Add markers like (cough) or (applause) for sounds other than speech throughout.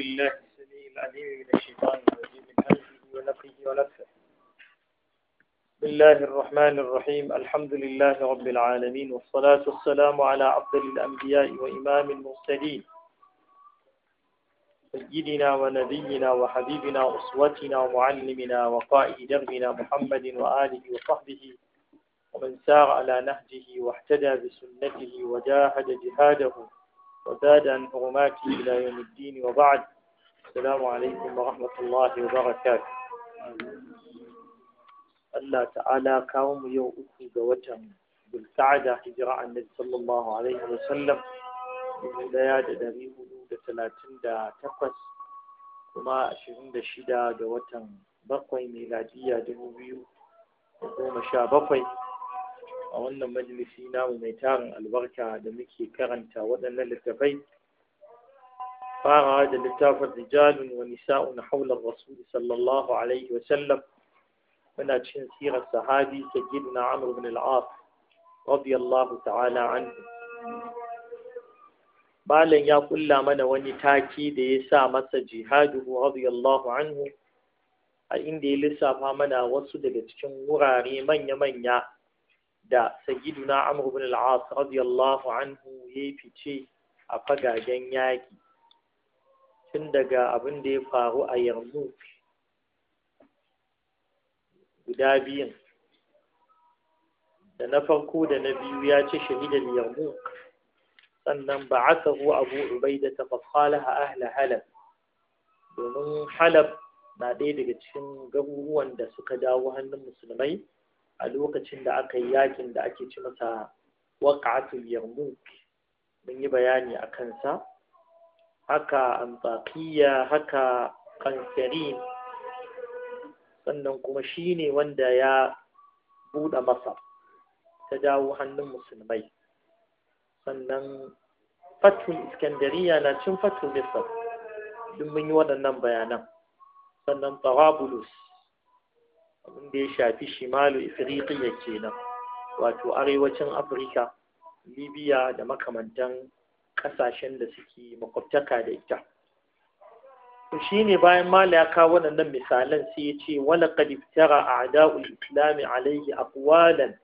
بالله السميع العليم من الشيطان الرجيم من همزه ونفخه ونفخه بسم الله الرحمن الرحيم الحمد لله رب العالمين والصلاة والسلام على أفضل الأنبياء وإمام المرسلين سيدنا ونبينا وحبيبنا أسوتنا ومعلمنا وقائد دربنا محمد وآله وصحبه ومن سار على نهجه واحتدى بسنته وجاهد جهاده وزاد عن أنفغماتي إلى يوم الدين وبعد السلام عليكم ورحمة الله وبركاته الله تعالى كوم يوم جوتم بالسعادة عن النبي صلى الله عليه وسلم من ليادة دريه دودة ثلاثين دا تقس وما أشهن دا شدا جوتم بقوي ميلاديا دموبيو بيو وما شابقوي a wannan majalisi namu mai tarin albarka da muke karanta waɗannan littafai farawa da littafin rijalun wa nisa'un haular rasul sallallahu alaihi wa sallam muna cikin sirar sahabi sayyidina amr ibn al-as radiyallahu ta'ala anhu malam ya kulla mana wani taki da ya sa masa jihaduhu radiyallahu anhu a inda ya lissafa mana wasu daga cikin wurare manya-manya da sayyiduna amr ibn al-as radiyallahu anhu ya fice a fagagen yaki tun daga abin da ya faru a yarmouk guda biyun da na farko da na biyu ya ci shahidar yarmouk sannan ba a sahu abu ubaida ta a ahla halab domin halab na ɗaya daga cikin garuruwan da suka dawo hannun musulmai a lokacin da aka yi yakin da ake ci masa waƙatul yarmouk mun yi bayani a kansa haka amfakiya haka kansarin sannan kuma shi ne wanda ya buɗe masa, ta jawo hannun musulmai sannan fatul iskandariya na cin fatul misal duk mun yi waɗannan bayanan sannan tawabulus abin da ya shafi shimalu ifriqiya kenan wato arewacin afirka libya da makamantan kasashen da suke makwabtaka da ita shi ne bayan mala ya kawo waɗannan misalan sai ya ce wala kadiftara a ada'ul islami alaihi aqwalan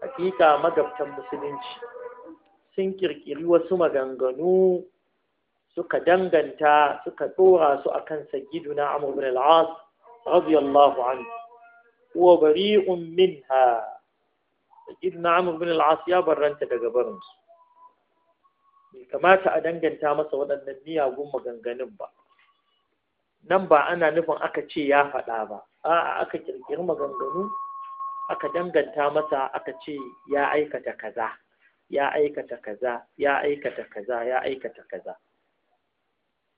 hakika magabtan musulunci sun kirkiri wasu maganganu suka danganta suka tsora su akan sayyiduna amr bin al-as radiyallahu anhu huwa bari'un minha sayyidina bin al ya barranta daga barinsu. bai kamata a danganta masa waɗannan miyagun maganganun ba nan ba ana nufin aka ce ya faɗa ba a'a aka kirkiri maganganu aka danganta masa aka ce ya aikata kaza ya aikata kaza ya aikata kaza ya aikata kaza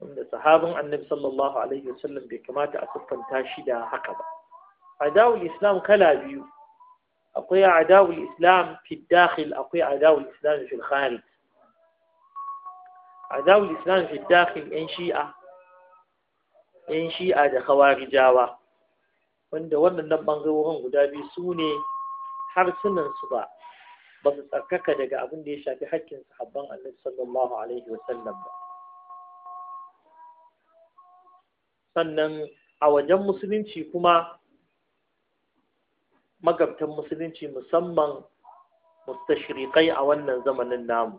wanda sahabin annabi sallallahu alaihi wasallam bai kamata a siffanta shi da haka ba adawul islam kala biyu akwai adawul islam fi dakhil akwai adawul islam fi kharij adawul islam fi dakhil yan shi'a yan shi'a da khawarijawa wanda wannan bangarorin guda biyu su ne harsunan su ba ba su tsarkaka daga abin da ya shafi hakkin sahabban annabi sallallahu alaihi wa sallam ba sannan a wajen musulunci kuma magabtan musulunci musamman mustashriqai a wannan zamanin namu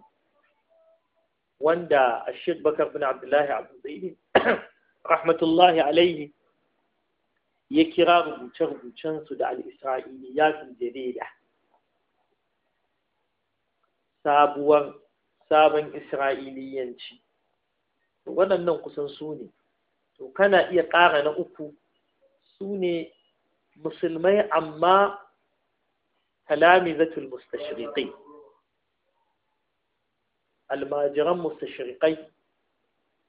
wanda ashir bakar bin abdullahi abdullahi (coughs) rahmatullahi alaihi ya kira rubuce-rubucensu da al'isra'iliyatin da sabuwar sabon isra'iliyanci waɗannan kusan su ne to kana iya ƙara na uku su ne musulmai amma talamizatul mustashriqi almajiran mustashriqai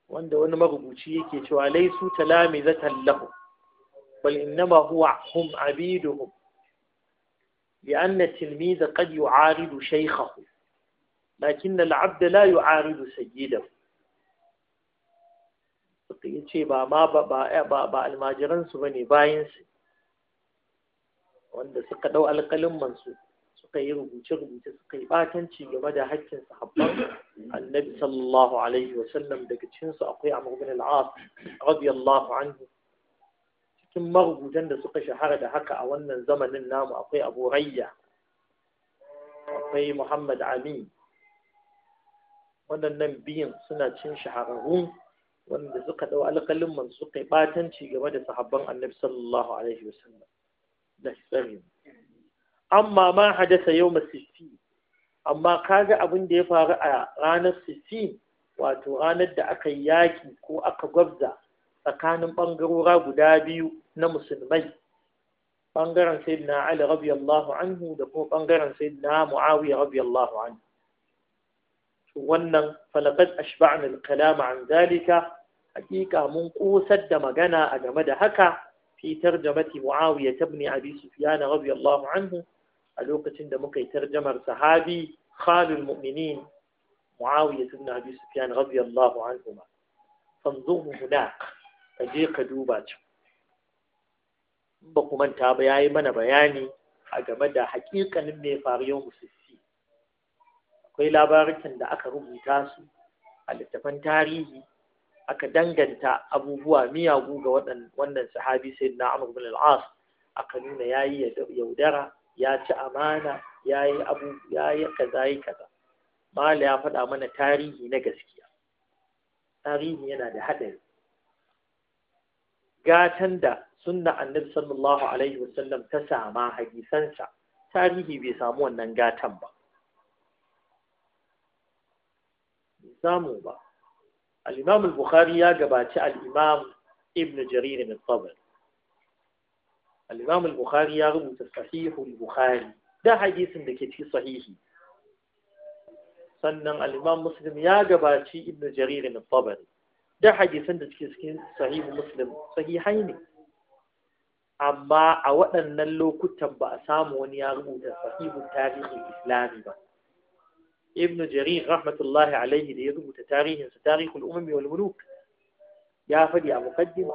wanda wani marubuci yake cewa laisu talamizatan lahu bal innama huwa hum abiduhum لأن التلميذ قد يعارض شيخه لكن العبد لا يعارض سيده yace ba ma ba ba ba almajiran su bane bayan su wanda suka ɗau alƙalin su suka yi rubuce-rubuce suka yi ɓatanci game da haƙƙin sahabban annabi sallallahu alaihi wa sallam daga cikinsu akwai amr bin al-as radiyallahu anhu cikin marubutan da suka shahara da haka a wannan zamanin namu akwai abu rayya akwai muhammad amin waɗannan biyun suna cin shahararrun wanda suka ɗau alƙalin man suka yi ɓatanci game da sahabban annabi sallallahu alaihi wa sallam da amma ma hadasa yau masisi amma kaga abin da ya faru a ranar sisi wato ranar da aka yi yaƙi ko aka gwabza tsakanin ɓangarora guda biyu na musulmai ɓangaren na Ali radiyallahu anhu da kuma ɓangaren na Muawiya radiyallahu anhu wannan falaqad ashba'na kalama an zalika hakika mun kusar da magana a game da haka في ترجمة معاوية بن أبي سفيان رضي الله عنه ألوقة مكي ترجمة صحابي خال المؤمنين معاوية بن أبي سفيان رضي الله عنهما فانظروا هناك أجيك دوبات بقوا من تاب من بياني أجمد حقيقة من فاريوم سسي akwai labarikan da aka rubuta su على التفن tarihi aka danganta abubuwa miyagu ga wannan sahabi sai na amur bin al'as aka nuna ya yi yaudara ya ci amana ya yi abu ya yi kaza yi kaza mala ya faɗa mana tarihi na gaskiya tarihi yana da haɗari gatan da sunna annabi sallallahu alaihi wasallam ta sama hadisansa tarihi bai samu wannan gatan ba samu ba al-imam al-bukhari ya gabaci al ibn jarir min tabari bukhari ya rubuta sahihu bukhari ke sahihi sannan al-imam muslim ya gabaci ibn jarir min tabari da hadisan da cikin sahihu muslim sahihai ne amma a waɗannan lokutan ba a samu wani ya rubuta sahihu tarihi islami ba ibn jarir rahmatullahi alaihi da ya rubuta tarihinsa sa tarihul umami wal muluk ya faɗi a muqaddima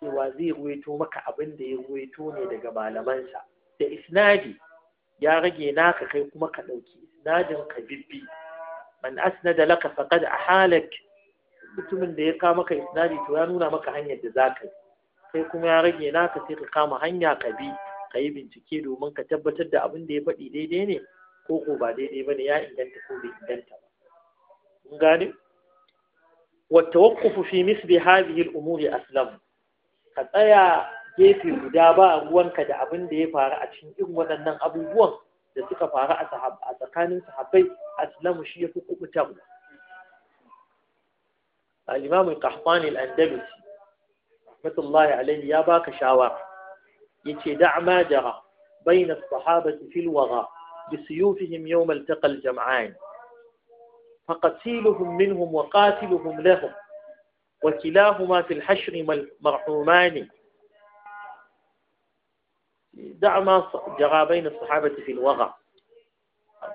cewa zai ruwaito maka abin ya ruwaito ne daga malamansa da isnadi ya rage naka kai kuma ka ɗauki isnadin ka bibbi man asnada laka faqad ahalak mutumin da ya kawo maka isnadi to ya nuna maka hanyar da za ka yi kai kuma ya rage naka sai ka kama hanya ka bi ka yi bincike domin ka tabbatar da abin da ya faɗi daidai ne ko ko ba daidai ba ne ya inganta ko bai inganta ba mun gane والتوقف في مثل هذه الأمور أسلم ka tsaya gefe guda ba ruwanka da abin da ya faru a cikin irin waɗannan abubuwan da suka faru a tsakanin sahabbai aslamu shi ya fi kubutarwa al-imam al-qahtani al rahmatullahi alayhi ya baka shawara yace dama ma jara bain as-sahabati fil wara بسيوفهم يوم التقى الجمعان فقتيلهم منهم وقاتلهم لهم وكلاهما في الحشر مرحومان دع ما جرى الصحابة في الوغى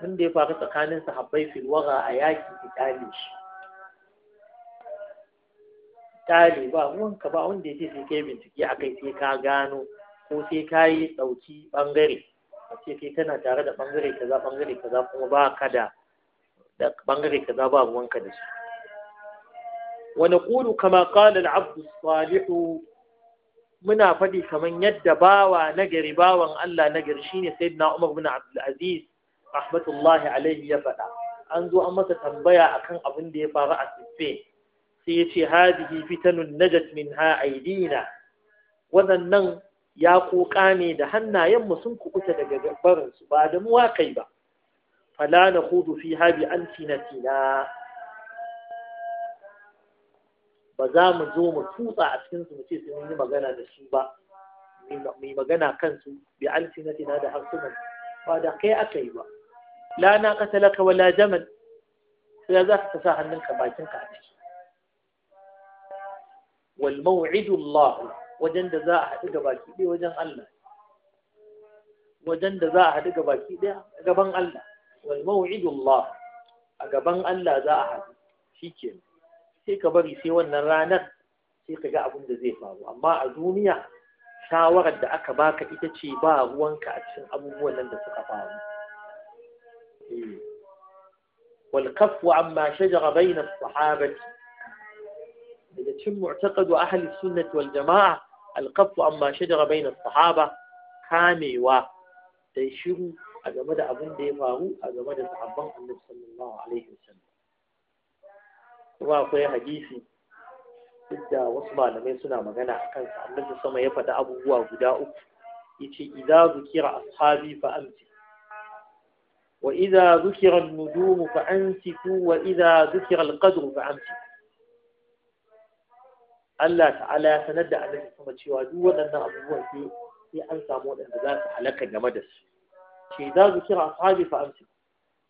من دي فاقطة كان صحابي في الوغى أياك في تالي تالي با وان كبا وان دي في كيبين تكي عقيتي كاغانو كوتي كاي توتي بانغري ce kai kana tare da bangare kaza bangare kaza kuma ba ka da bangare kaza ba ruwanka da su wa naqulu kama qala al-abd salih muna faɗi kaman yadda bawa nagari bawan Allah nagari shine sayyidina Umar bin Abdul Aziz rahmatullahi alaihi ya faɗa an zo an masa tambaya akan abin da ya faru a siffe sai ya ce hadihi fitanun najat ha aidina waɗannan ya kuka ne da hannayenmu sun kukuta daga barinsu ba da muwa kai ba fala na hudu fi habi an tinatina ba za mu zo mu tutsa a cikinsu mu ce sun yi magana da su ba mai magana kansu bi an tinatina da harsunan ba da kai aka yi ba la na katalaka wala jamal sai za ka sa hannunka bakinka a ciki wal maw'idu Allah wajen da za a haɗu ga baki ɗaya wajen Allah wajen da za a haɗu ga baki ɗaya a gaban Allah wal maw'idullah a gaban Allah za a haɗu shikenan sai ka bari sai wannan ranar sai ka ga abin da zai faru amma a duniya shawarar da aka baka ita ce ba ruwanka a cikin abubuwan nan da suka faru eh. wal kafu amma shajara bainas sahabati daga cikin mu'taqadu ahli sunnati wal alkafu amma shajara na sahaba kamewa da shiru a game da abin da ya faru a game da sahabban annabi sallallahu alaihi wasallam kuma akwai hadisi duk da wasu malamai suna magana a kansa annabi sama ya faɗi abubuwa guda uku yace idza zukira ashabi fa amsi wa idza zukira an-nujum fa ansiku wa idza zukira al-qadru fa amsiku Allah ta'ala ya sanar da annabi sama cewa duk waɗannan abubuwan sai sai an samu waɗanda za su halaka game da su ce za su kira ashabi fa amsi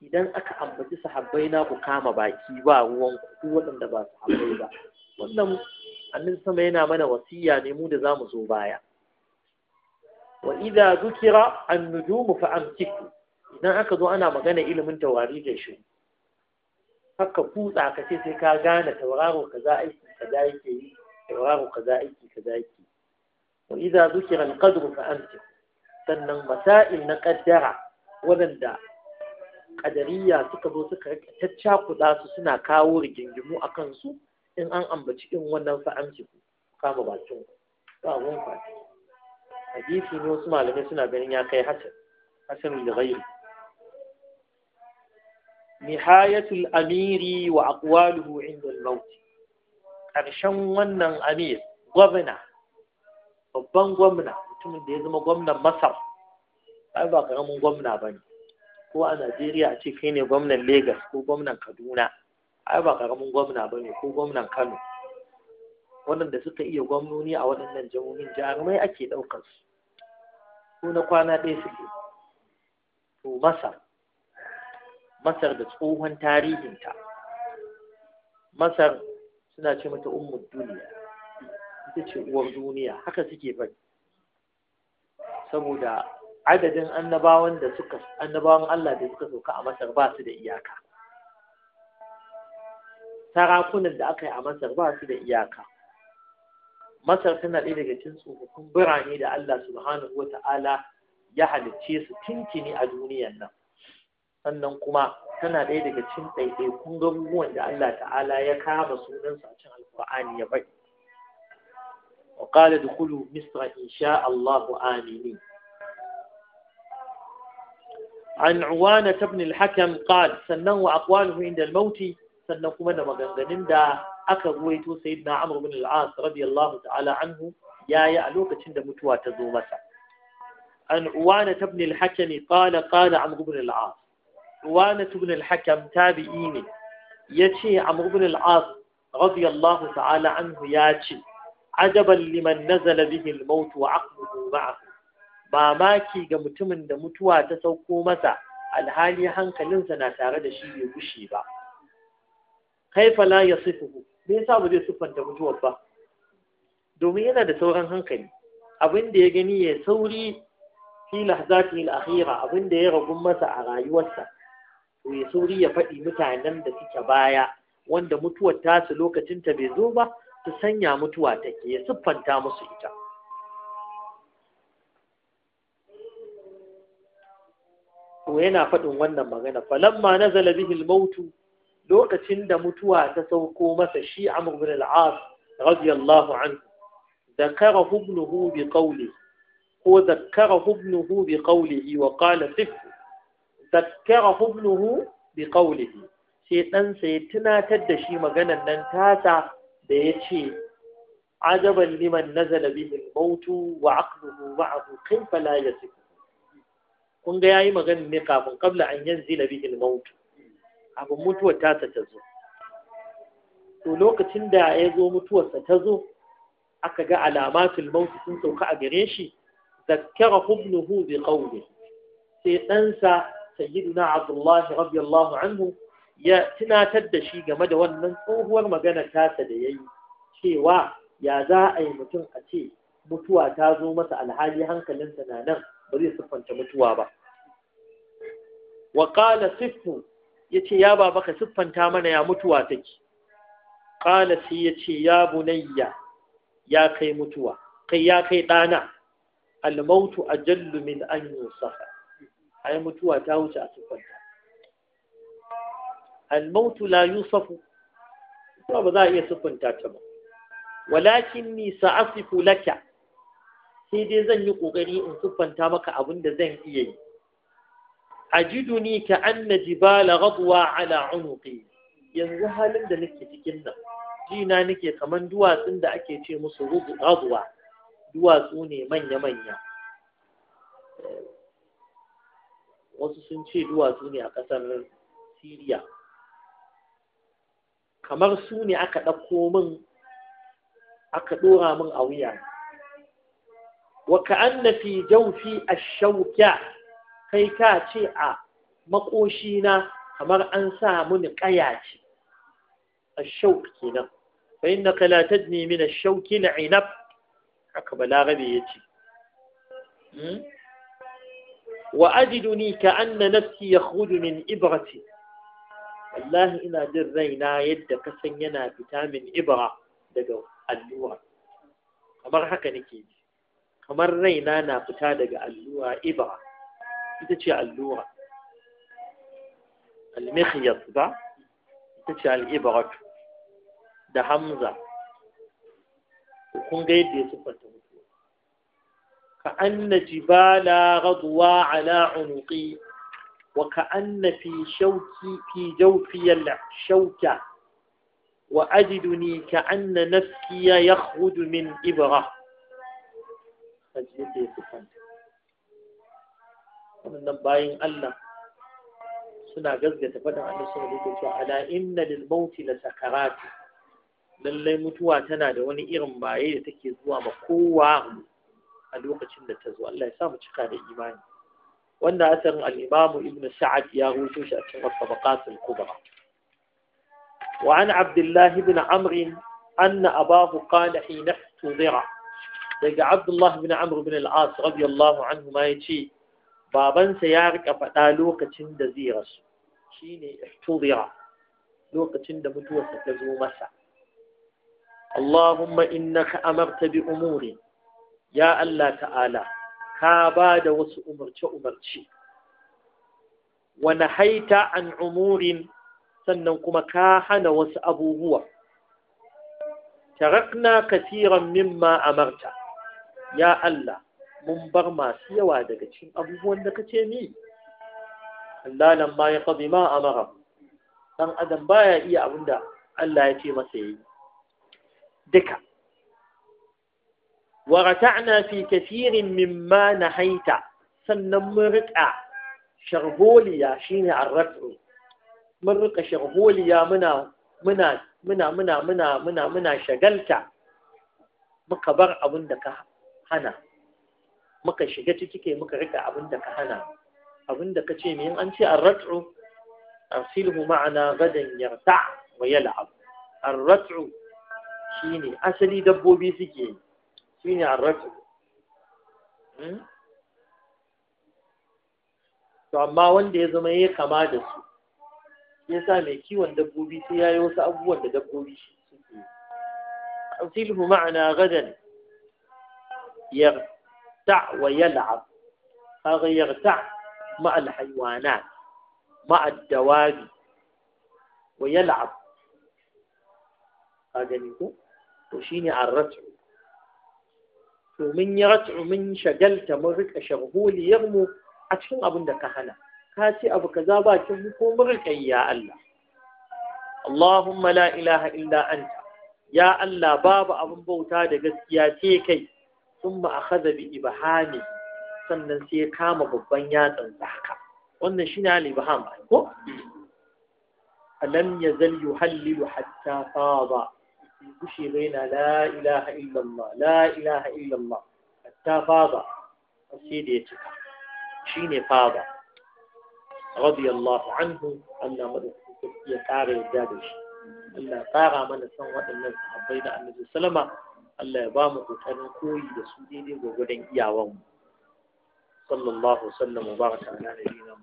idan aka ambaci sahabbai na ku kama baki ba ruwan ku waɗanda ba sahabbai ba wannan annabi sama yana mana wasiya ne mu da za mu zo baya wa idza zukira an-nujum fa amsiku idan aka zo ana magana ilimin tawari da shi haka kutsa ka ce sai ka gane tauraro kaza aiki kaza yake yi إعراب قذائك كذائك وإذا ذكر القدر فأمسك sannan masail na ƙaddara waɗanda ƙadariya suka zo suka caccakuɗa su suna kawo rigingimu a kansu in an ambaci in wannan fa'amci ku kama bakin ba gun kwaci hadisi ne wasu malamai suna ganin ya kai hasan hasan da ghairi amiri wa aqwaluhu inda al-maut ƙarshen wannan amir gwamna babban gwamna mutumin da ya zama gwamnan masar ba ba karamin gwamna ba ne ko a najeriya a ce kai ne gwamnan Legas ko gwamnan kaduna ai ba karamin gwamna ba ne ko gwamnan kano waɗanda suka iya gwamnoni a waɗannan jihohin jarumai ake ɗaukar su ko na kwana ɗaya su suke to masar masar da tsohon tarihinta masar suna ce mata ummud duniya ita ce uwar duniya haka suke faɗi saboda adadin annabawan da suka annabawan Allah da suka sauka a Masar ba su da iyaka sarakunan da aka yi a Masar ba su da iyaka Masar tana ɗaya daga cikin tsofaffin birane da Allah subhanahu wa ta'ala ya halicce su tinkini a duniyan nan sannan kuma tana ɗaya daga cin ɗaiɗaikun gabubuwan da Allah ta'ala ya kama sunan sacin alƙur'ani ya bari wa ƙala da kulu misra in sha Allahu amini an uwana tabni alhakam qal sannan wa aqwaluhu inda almauti sannan kuma da maganganun da aka ruwaito sayyidina amr ibn al-as radiyallahu ta'ala anhu yayi a lokacin da mutuwa ta zo masa an uwana tabni alhakam qala qala amr ibn al ruwana ibn al-hakam tabi'i ne Ya ce a al-as radiyallahu ta'ala anhu ce, ajaban liman nazala bihi al a wa aqluhu mamaki ga mutumin da mutuwa ta sauko masa alhali hankalinsa na tare da shi bai gushe ba Kaifala ya yasifuhu me yasa ba zai siffanta mutuwar ba domin yana da sauran hankali abin da ya gani ya sauri fi lahzatihi al-akhira abin da ya ragu masa a rayuwarsa to ya sauri ya faɗi mutanen da suke baya wanda mutuwar tasu lokacin ta bai zo ba su sanya mutuwa take ya siffanta musu ita to yana faɗin wannan magana falamma na bihi mautu lokacin da mutuwa ta sauko masa shi Amr bin al-As radiyallahu anhu ذكره ابنه بقوله هو ذكره ابنه بقوله وقال صفه zakkara hubluhu bi qawlihi sai ɗansa ya tunatar da shi maganar nan tasa da yace ajaban liman nazala bihi al-mautu wa aqluhu ba'du kayfa la yasik kun ga yayi maganar ne kafin qabla an yanzila bihi al mautu abin mutuwa tasa ta zo to lokacin da ya zo mutuwarsa ta zo aka ga alamatul mautu sun sauka a gare shi zakkara hubnuhu bi qawlihi sai ɗansa na abdullahi radiyallahu anhu ya tunatar da shi game da wannan tsohuwar magana tasa da yayi cewa ya za a yi mutum a ce mutuwa ta zo masa alhali hankalin na ba zai siffanta mutuwa ba wa qala siffu yace ya baba ka siffanta mana ya mutuwa take qala sai yace ya bunayya ya kai mutuwa kai ya kai dana al-mautu ajallu min an yusafa ai mutuwa ta wuce a siffanta al la yusafu to ba za a iya sufunta ta ba walakin nisa sa'asifu laka sai dai zan yi ƙoƙari in sufanta maka abin da zan iya yi ajiduni ka anna jibala ghadwa ala unuqi yanzu halin da nake cikin nan jina nake kaman duwatsun da ake ce musu ghadwa duwatsu ne manya manya wasu sun ce duwatsu ne a ƙasar siriya kamar su ne aka ɗauko min aka ɗora min a wuya wa na fi jaufi a shauƙya kai ka ce a makoshi na kamar an sa mini ƙaya ce ash kenan bai na ne mina min na shawki na inab Aka balarabe ce. Hmm? وأجدني كأن نفسي يخرج من إبرتي والله إنا درينا يد yana fita min إبرة daga اللورة kamar haka nake ji kamar raina na fita daga allura ibra ita ce allura al ba ita ce al da hamza kun ga yadda ya siffanta كأن جبالا غضوا على عنقي وكأن في شوكي في جوفي الشوكة وأجدني كأن نفسي يخرج من إبرة wannan bayan Allah suna gazgata faɗin Allah sun rubuta cewa ala inna lil mauti la sakarat lallai mutuwa tana da wani irin baye da take zuwa ma kowa a lokacin da ta zo Allah ya sa mu cika da imani wanda asarin al-Imam Ibn Sa'ad ya rubuto shi a cikin Tabaqat al-Kubra wa an Abdullah ibn Amr anna abahu qala hina tudira daga Abdullah ibn Amr ibn al-As radiyallahu anhu ma yace babansa ya rika faɗa lokacin da zai rasu shine tudira lokacin da mutuwarsa ta zo masa اللهم إنك أمرت بأموري ya Allah ta'ala ka ba da wasu umarce-umarce wani haita an umurin sannan kuma ka hana wasu abubuwa tarakna kasiran mimma amarta ya Allah mun bar masu yawa daga cikin abubuwan da kace ni Allah nan ma ya qadi ma amara dan adam baya iya abinda Allah ya ce masa yayi duka wa rata'na fi kathirin mimma nahaita sannan mun riƙa sharholiya shine arrafu mun riƙa sharholiya muna muna muna muna muna muna muna shagalta muka bar abin da ka hana muka shiga ciki kai muka riƙa abin da ka hana abin da ka ce min an ce arrat'u arsilhu ma'ana gadan yarta wa yal'ab arrat'u shine asali dabbobi suke yi shine arraju hmm? to amma wanda ya zama ya kama da su Iyasa mai kiwon dabbobi sai ya yi wasu abubuwan da dabbobi suke أصيله معنا غدا يرتع ويلعب هذا يرتع مع الحيوانات مع الدواب ويلعب هذا نيكو وشيني على الرتع to mun rat'u mun shagalta mun rika sharholiyar mu a cikin abin da ka hana ka ce abu kaza ba kin mu ko mun rika ya Allah Allahumma la ilaha illa anta ya Allah babu abin bauta da gaskiya ce kai thumma akhadha bi ibhani sannan sai kama babban yatsan zaka wannan shine al-ibham ko alam yazal yuhallilu hatta fada bai gushe ba yana la ilaha illallah la ilaha illallah hatta fada sai da ya cika Shi ne fada radiyallahu anhu Allah madaukakin ya ƙara yadda da shi Allah ƙara mana san waɗannan sahabbai da Annabi salama. Allah ya ba mu kokarin koyi da su daidai gwagwadon iyawan mu sallallahu sallam wa baraka ala nabiyyina